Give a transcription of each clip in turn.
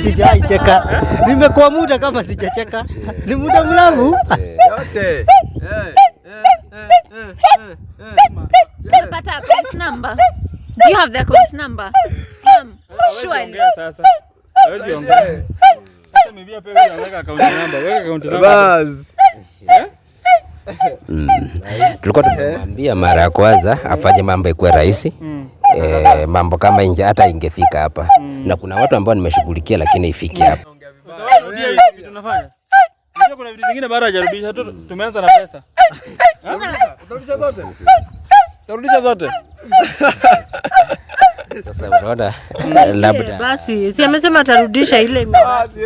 sijaicheka Nimekuwa muda kama sijacheka. Ni muda mrefu. Yote. Pata account number. Do you have the account number? Um, surely. Sasa. Hawezi ongea. Sasa mbia pewe anaweka account number. Weka account number. Hmm. Tulikuwa tumemwambia mara ya kwanza afanye mambo ikuwe rahisi. Hmm. Eh, mambo kama inje hata ingefika hapa mm. na kuna watu ambao nimeshughulikia lakini ifike hapa. Kuna vitu vingine hajarudisha tumeanza na pesa. Utarudisha zote? Utarudisha zote? Sasa unaona labda. Basi, si amesema atarudisha ile. Basi.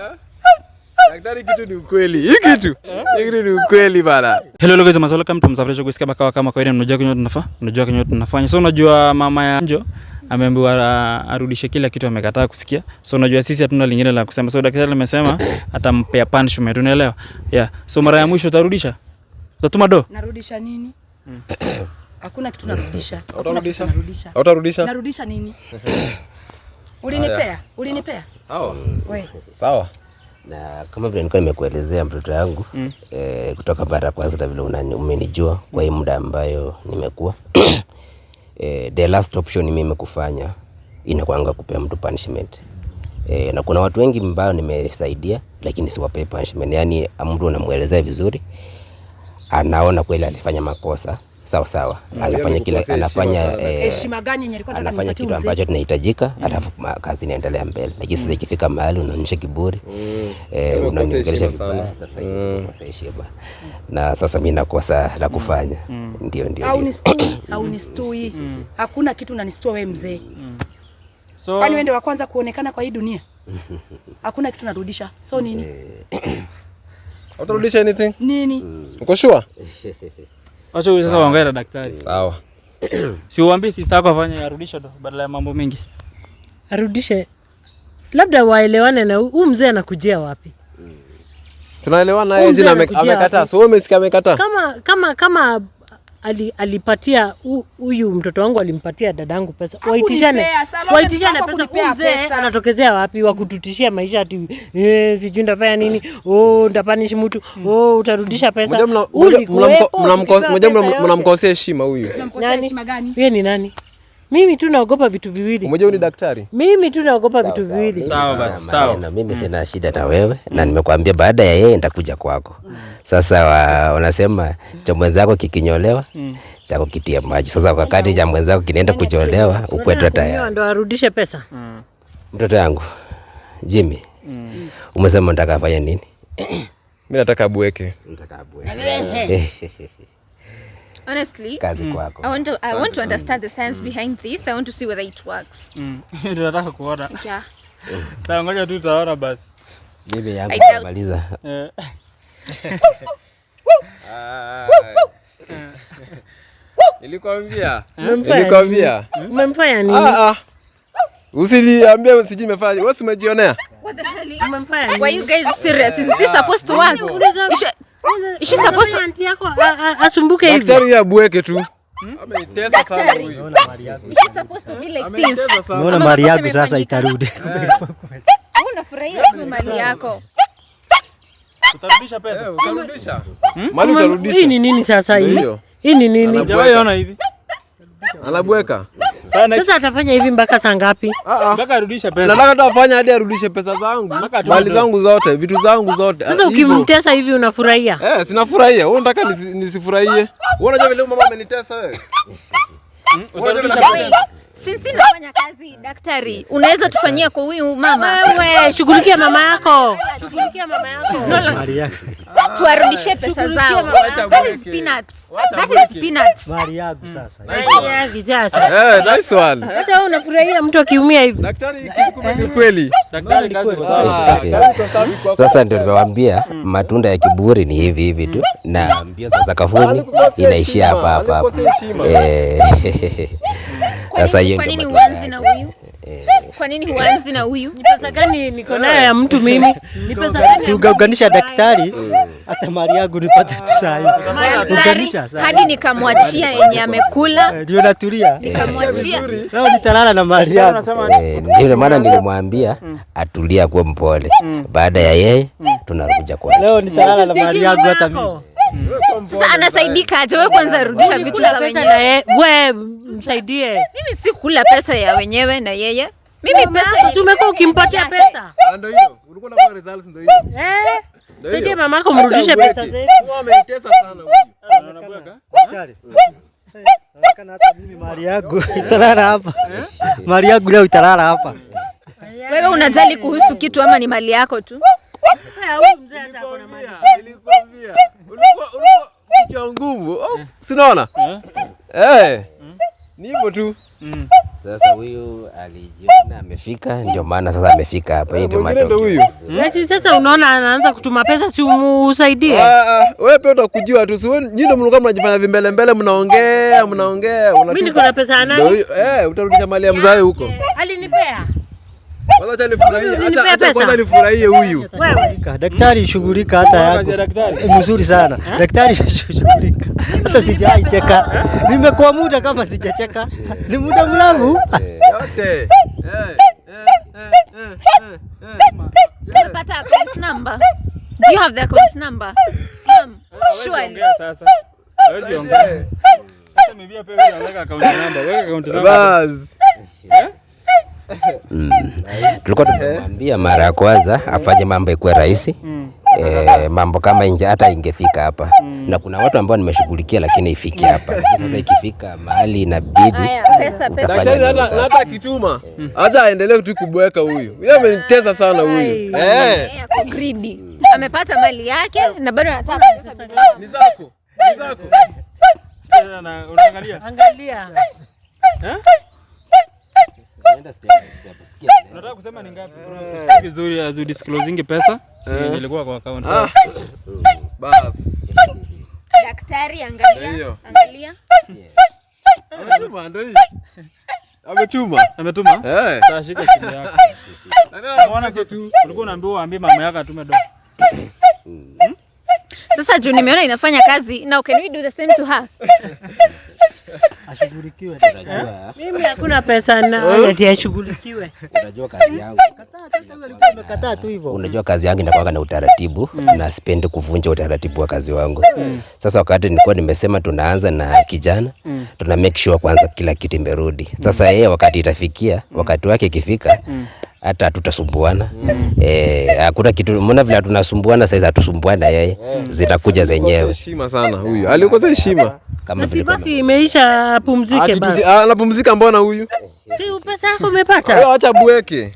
Ah, Daktari, kitu ni ukweli. Hii kitu. Hii kitu ni ukweli bana. Hello guys, maswala kama mtamsafirisha kusikia makawa kama kawaida, mnajua kinyo tunafaa. Mnajua kinyo tunafanya. So unajua mama ya Njo ameambiwa arudishe kila kitu, amekataa kusikia. So unajua sisi hatuna lingine la kusema. So daktari amesema atampea punishment, unaelewa? Yeah. So mara ya mwisho utarudisha? Utatuma do? Narudisha nini? Hmm. Hakuna kitu narudisha. Utarudisha? Utarudisha? Narudisha nini? Ulinipea? Ulinipea? Sawa. Wewe. Sawa na kama vile nilikuwa nimekuelezea mtoto yangu mm. eh, kutoka mara ya kwanza na vile umenijua kwa hii muda ambayo nimekuwa eh, the last option mimi kufanya inakwanga kupea mtu punishment e, na kuna watu wengi ambao nimesaidia, lakini siwapee punishment. Yani mtu unamwelezea vizuri, anaona kweli alifanya makosa sawa sawa, mm. anafanya yaani kila anafanya eh, heshima gani yenye alikuwa anafanya, kitu ambacho tunahitajika, mm. alafu kazi inaendelea mbele. Lakini sasa mm. ikifika mahali unaonyesha kiburi, eh, yaani unaniongelesha vibaya, sasa sasa heshima na sasa mimi nakosa la kufanya. Ndio, ndio, au nistui, hakuna kitu unanistua wewe mzee. So kwani wewe ndio wa kwanza kuonekana kwa hii dunia? Hakuna kitu narudisha, so nini? Eh. Utarudisha anything nini? Uko sure? Wacha huyu sasa waongee na daktari. Sawa. Si uambie sister yako afanye arudishe tu badala ya mambo mengi. Arudishe. Labda waelewane na huyu mzee anakujia wapi? Hmm. Tunaelewana yeye jina amekata. So umesikia amekata? Kama kama kama ali, alipatia huyu mtoto wangu alimpatia dadangu pesa, waitishane waitishane pesa. Mzee anatokezea wapi wa kututishia maisha ati eh, sijui ndafanya nini oh, ndapanishi mtu oh, utarudisha pesa. Mnamkosea heshima huyu. Nani? Yeye ni nani? Mimi tu naogopa vitu viwili. Mmoja ni daktari. Mimi tu naogopa vitu viwili. Sawa basi, sawa. Na mimi sina mm. shida na wewe na nimekuambia baada ya yeye nitakuja kwako. Mm. Sasa wanasema cha mwenzako kikinyolewa mm. cha kukitia maji. Sasa wakati cha mwenzako kinaenda kunyolewa ukwetu tayari. Ndio arudishe pesa. Mtoto yangu Jimmy. Umesema unataka fanya nini? Mimi nataka abweke. Nataka abweke. Honestly, kazi mm. kwako. I want to, I want to understand the science mm. behind this. I want to see whether it works. Mm. kuona. Yeah. Sasa ngoja tu tutaona basi. Bibi yangu kumaliza. Nilikwambia. Eh? Nilikwambia. Umemfanya nini? Ah ah. Usiniambie nimefanya. Wewe umejionea? What the hell? Umemfanya nini? Why you guys serious? Is this supposed to work? abweke tu hmm? naona mali yako sasa itarudi. Unafurahia mali yako. Utarudisha pesa. Eh, utarudisha. Hmm? Mali utarudisha. Hii ni nini sasa hii? Hii ni nini? Anabweka. Sasa atafanya hivi mpaka saa ngapi? Ah, ah. Mpaka arudishe pesa. Nataka tufanye hadi arudishe pesa zangu, mali zangu zote, vitu zangu zote. Sasa ah, ukimtesa hivi unafurahia? Eh, sinafurahia. Wewe unataka nisifurahie? Wewe unajua vile mama amenitesa wewe? Hmm, sisi nafanya kazi daktari. Unaweza tufanyia kwa huyu mama? Wewe shughulikia mama yako. Shughulikia mama yako. Tuwarudishie pesa zao. That is peanuts. That is peanuts. Mali yangu sasa. Eh, nice one. Hata wewe unafurahia mtu akiumia hivi. Daktari ni kweli. Daktari kazi kwa ah, sawa. Sasa ndio nimewaambia matunda ya kiburi ni hivi hivi tu. Hmm. Na mbio za sakafuni inaishia hapa hapa. Eh. Sasa hiyo ndio nini huanzi na huyu? Eh, eh, eh. Kwa nini huanzi na huyu? Ni pesa gani niko nayo ya mtu mimi? Ni pesa gani? Si ugaunganisha daktari mm. hata mali yangu nipate tu saa hii. Ugaunganisha Hadi nikamwachia yenye amekula. Ndio natulia. Nikamwachia. Leo nitalala na mali yangu. Ndio maana nilimwambia mm. Mm. atulia kwa mpole. Baada ya yeye tunarudi kwa. Leo nitalala na mali yangu hata mimi. Sasa anasaidika aje? Wewe kwanza rudisha vitu za wenyewe. Wewe msaidie. Mimi si kula pesa ya wenyewe na yeye. Mimi pesa umekuwa ukimpatia pesa. Ndio hiyo. Ulikuwa unapata results ndio hiyo. Eh. Saidia mamako mrudishe pesa zetu. Wewe umenitesa sana huyu. Unabweka? Daktari. mimi mali yangu italala hapa. Mali yangu leo italala hapa. Wewe unajali kuhusu kitu ama ni mali yako tu? kichwa ngumu, sinaona ni hivyo tu. Mm. Sasa huyu alijiona amefika, ndio maana sasa amefika hapa. Hii ndio matokeo. Eh, sasa unaona anaanza kutuma pesa, si umusaidie ah, ah, wewe? Pia utakujua tu, si wewe ndio mlikuwa mnajifanya vimbele mbele, mnaongea mnaongea. Mimi niko na pesa nayo, eh, utarudisha mali ya mzawe huko, alinipea Nifurahie huyu daktari, shughulika. Hata yako mzuri sana eh? daktari, shughulika. Hata sijaicheka, nimekuwa muda kama sijacheka, ni muda mrefu. Tulikuwa tumemwambia mara ya kwanza afanye mambo ikuwe rahisi E, mambo kama nje hata ingefika hapa Na kuna watu ambao nimeshughulikia lakini ifiki hapa sasa. Ikifika mahali inabidi hata akituma acha aendelee tu kubweka. Huyu huyo amenitesa sana huyu, amepata mali yake na bado anataka ni zako, ni zako. Unaangalia. Angalia. Eh? Nenda step step. Sikia. Unataka kusema ni ngapi? Eh. Vizuri azu disclosing pesa. Eh. Nilikuwa kwa account. Ah. Bas. Daktari angalia. Eh, angalia. Ametuma ndio hii. Ametuma. Ametuma? Eh. shika simu yako. Unaona sasa ulikuwa unaambiwa uambie mama yako atume dogo. Sasa juu nimeona inafanya kazi now can we do the same to her? Ashughulikiwe tunajua. Mimi hakuna pesa na eh? eti ashughulikiwe. Unajua kazi yangu. Kataa tu hivyo. Unajua kazi yangu inakuwa na utaratibu mm. na sipendi kuvunja utaratibu wa kazi wangu. Sasa wakati nilikuwa nimesema tunaanza na kijana, mm. tuna make sure kwanza kila kitu imerudi. Sasa yeye wakati itafikia, mm. wakati wake ikifika hata hatutasumbuana mm. Eh, hakuna kitu, mbona vile tunasumbuana sasa, hatusumbuana yeye mm. Zitakuja zenyewe. Heshima sana huyu, alikosa heshima kama vile basi imeisha, pumzike basi. Ah, anapumzika mbona huyu? Si pesa yako umepata, acha bweke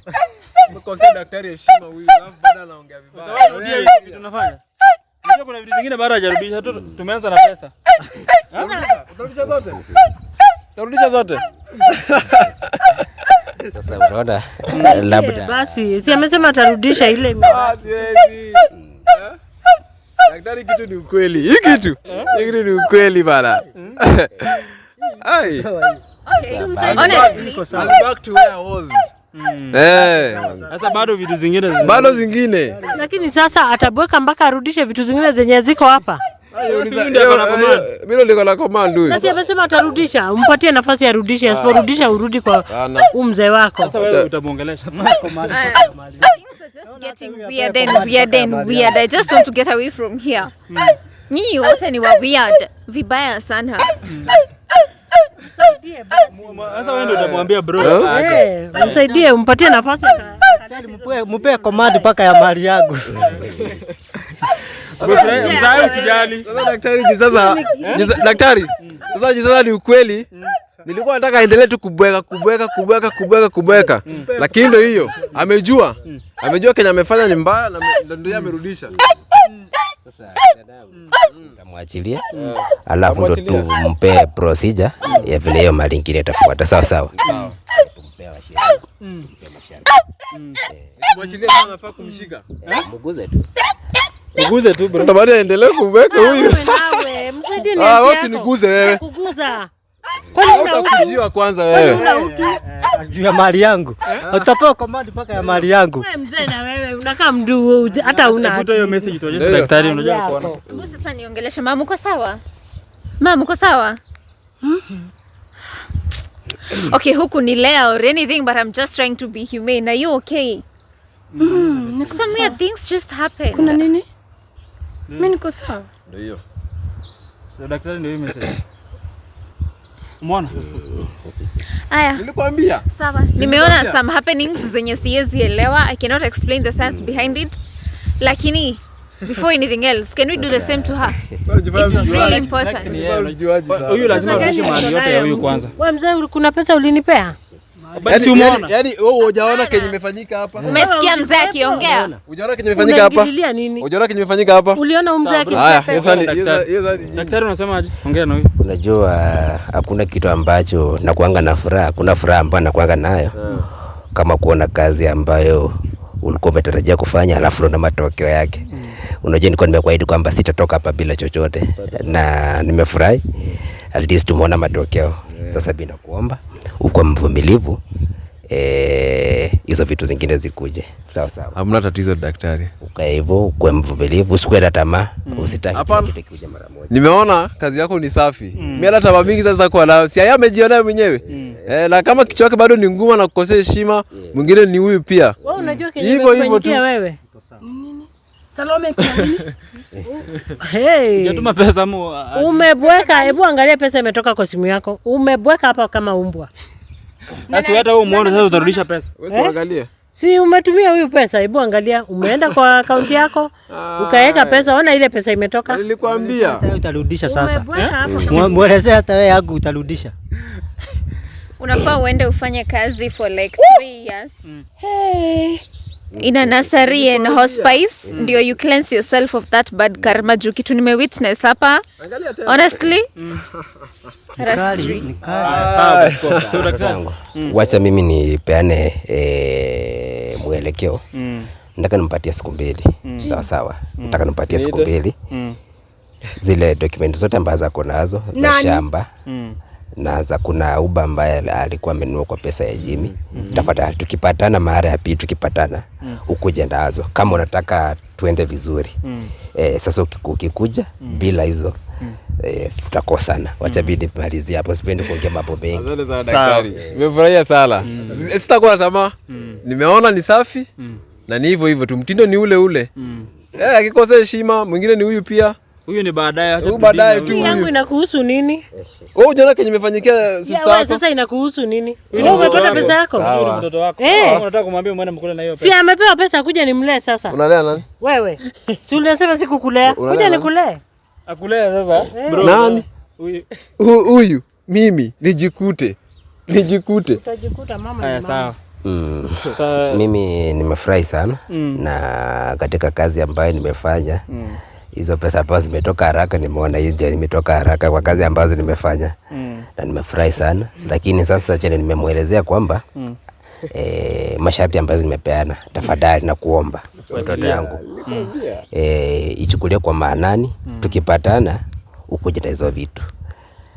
mkosea daktari heshima huyu, alafu bado anaongea vibaya. Ndio tunafanya sasa, kuna vitu vingine bado hajarudisha tu, tumeanza na pesa. Utarudisha zote, utarudisha zote Sasa unaona labda basi, si amesema atarudisha ile ah, hmm. daktari. Kitu ni ukweli, hii kitu hii kitu ni ukweli bana. Hmm. Eh. Sasa bado vitu zingine, bado zingine, lakini sasa atabweka mpaka arudishe vitu zingine zenye ziko hapa. Milo liko la command amesema atarudisha, nafasi arudishe, ah. asiporudisha urudi kwa huyu mzee wako. Sasa wewe utamuongelesha. Getting weird and weird and weird. I just want to get away from here. Hmm. Nyinyi wote ni wa weird. Vibaya sana. Hmm. Sasa wewe ndio utamwambia bro. Eh, msaidie, nafasi. Mpe command paka ya mali yangu. Mzaa usijali. Sasa sasa ni ukweli. Nilikuwa nataka aendelee tu kubweka kubweka kubweka kubweka kubweka, lakini ndio hiyo, amejua amejua Kenya amefanya ni mbaya, na ndio amerudisha Tamwachilia alafu ndo tumpe procedure ya vile hiyo mali ingine itafuata. Sawa sawa, mguze eh, tu Niguze tu bro. Tamani aendelee kumbeka huyu. Ah, wewe niguze wewe. Kuguza. Kwani unakujiwa kwanza wewe? Juu ya mali yangu. Eh? Utapewa command mpaka ya mali yangu. Wewe mzee na wewe unakaa mduu hata una. Hebu hiyo message tuonyeshe daktari unajua kuona. Hebu sasa niongeleshe mama uko sawa? Mama uko sawa? Mhm. Okay, huku ni Leah or anything but I'm just trying to be humane. Are you okay? Mm. Some weird things just happen. Kuna nini? Mimi niko sawa. Ndio hiyo. Sio daktari ndio yeye Umeona? Aya. Nilikwambia. Sawa. Nimeona some happenings zenye siwezi elewa. I cannot explain the science behind it. Lakini before anything else, can we do the same to her? It's really important. Huyu lazima urudishe mali yote ya huyu kwanza. Wewe mzee, kuna pesa ulinipea? Yaani, yaani wewe hujaona kenye imefanyika hapa? Umesikia mzee akiongea? Hujaona kenye imefanyika hapa? Hujaona kenye imefanyika hapa? Uliona mzee akiongea? Daktari unasema aje? Ongea na Unajua hakuna kitu ambacho nakuanga na furaha, kuna furaha ambayo nakuanga nayo eh. kama kuona kazi ambayo ulikuwa umetarajia kufanya alafu unaona matokeo yake. Hmm. Unajua nilikuwa nimekuahidi kwamba sitatoka hapa bila chochote na nimefurahi at least tumeona matokeo. Sasa bina kuomba ukuwa mvumilivu eh, hizo e, vitu zingine zikuje sawa sawa, hamna tatizo daktari. Ukae hivyo, ukuwe mvumilivu, usikuwe na tamaa mm. Usitaki kitu kikuje mara moja. Nimeona kazi yako ni safi mm. Mimi hata tamaa mingi sasa kwa nayo si yeye amejionea mwenyewe mm. Eh, na kama kichwa chake bado ni ngumu na kukosea heshima, yeah. mwingine ni huyu pia wewe mm. hivyo hivyo tu wewe nini Salome nini? Uh, uh, Umebweka, hebu angalia pesa imetoka kwa simu yako. Umebweka hapa kama umbwa. Sasa hata wewe muone sasa utarudisha pesa. Wewe eh? angalia. Si umetumia huyu pesa, hebu angalia, umeenda kwa akaunti yako ah. ukaweka pesa, ona ile pesa imetoka. Nilikwambia. Hata utarudisha sasa. Eh? Mwelezea hata wewe yangu utarudisha. Unafaa uende ufanye kazi for like 3 years. Hey in a nursery and hospice mm. ndio you cleanse yourself of that bad karma juu kitu nime witness hapa honestly mm. ah. mm. wacha mimi nipeane eh, mwelekeo mm. nataka nimpatie siku mbili mm. sawa sawa mm. nataka nimpatie siku mbili zile document zote ambazo ako nazo za shamba mm na za kuna uba ambaye alikuwa amenunua kwa pesa ya Jimmy. mm -hmm. Tafadhali tukipatana mara ya pili, tukipatana mm -hmm. ukuje ndazo kama unataka tuende vizuri. mm -hmm. E, sasa ukikuja mm -hmm. bila hizo mm tutakosana. Wacha bidi mhm. malizie hapo, sipendi kuongea mambo mengi. Nimefurahia sana, mhm. sitakuwa na tamaa. Mhm. Nimeona ni safi mm na ni hivyo hivyo tu, mtindo ni ule ule mm eh, akikosa heshima mwingine ni huyu pia Huyu ni baadaye acha tu. Baadaye tu. Yangu inakuhusu nini? Wewe unaona kenye imefanyikia sister yako. Sasa inakuhusu nini? Si wewe umepata pesa yako? Mtoto wako. Eh. Unataka kumwambia mwana mkule na hiyo pesa. Si amepewa pesa kuja nimlee sasa. Unalea nani? Wewe. Si unasema siku kulea. Kuja nikulee. Akulea sasa. Eh. Bro. Nani? Huyu Huyu mimi nijikute. Nijikute. Utajikuta mama. mama. sawa. Mm. Mimi nimefurahi sana mm. na katika kazi ambayo nimefanya. Mm hizo pesa ambazo zimetoka haraka, nimeona hizo imetoka haraka kwa kazi ambazo nimefanya mm. na nimefurahi sana mm. Lakini sasa chenye nimemwelezea kwamba mm. E, masharti ambazo nimepeana tafadhali na kuomba mtoto yangu mm. E, ichukulie kwa maanani mm. Tukipatana ukuje na hizo vitu,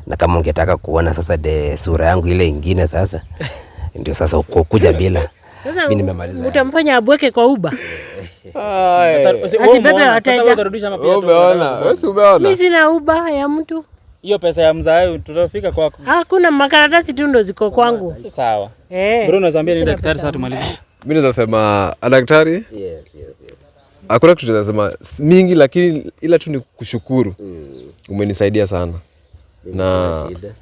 na kama ungetaka kuona sasa de sura yangu ile ingine sasa ndio sasa ukokuja bila mimi nimemaliza. Utamfanya abweke kwa uba asibebe wateja. Mimi sina uba ya mtu hiyo pesa ya mzae tutafika kwako. Hakuna makaratasi tu ndo ziko kwangu. Sawa. Eh. Bruno ni daktari sasa tumalize. Mimi naweza sema ah, daktari? Yes, yes, yes. Hakuna kitu naweza sema mingi lakini ila tu ni kushukuru. Mm. Umenisaidia sana. Na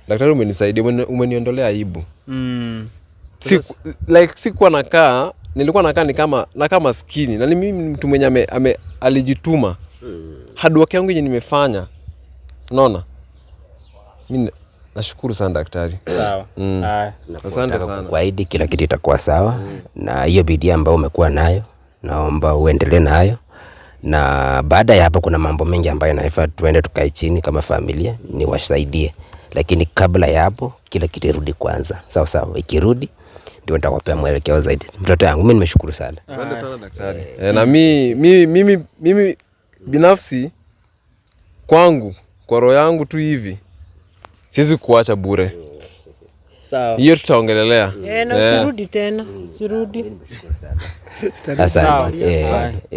daktari umenisaidia, umeniondolea aibu. Mm like sikuwa nakaa, nilikuwa nakaa ni kama na kama na mimi mtu mwenye ame, ame, alijituma hmm. yangu yenye nimefanya, unaona mimi Nashukuru sana daktari. Sawa. Mm. sana. Kwa kila kitu itakuwa sawa mm. na hiyo bidii ambayo umekuwa nayo naomba uendelee nayo na baada ya hapo kuna mambo mengi ambayo naifa tuende tukae chini kama familia niwasaidie, lakini kabla ya hapo kila kitu irudi kwanza. Sawa sawa, ikirudi ndio nitakupea mwelekeo zaidi. Mtoto yangu mimi nimeshukuru sana. Asante sana daktari. E, na mimi mimi mimi binafsi kwangu kwa roho yangu tu hivi siwezi kuacha bure. Sawa. Hiyo tutaongelelea. Eh, na eh. usirudi tena. Usirudi. Asante.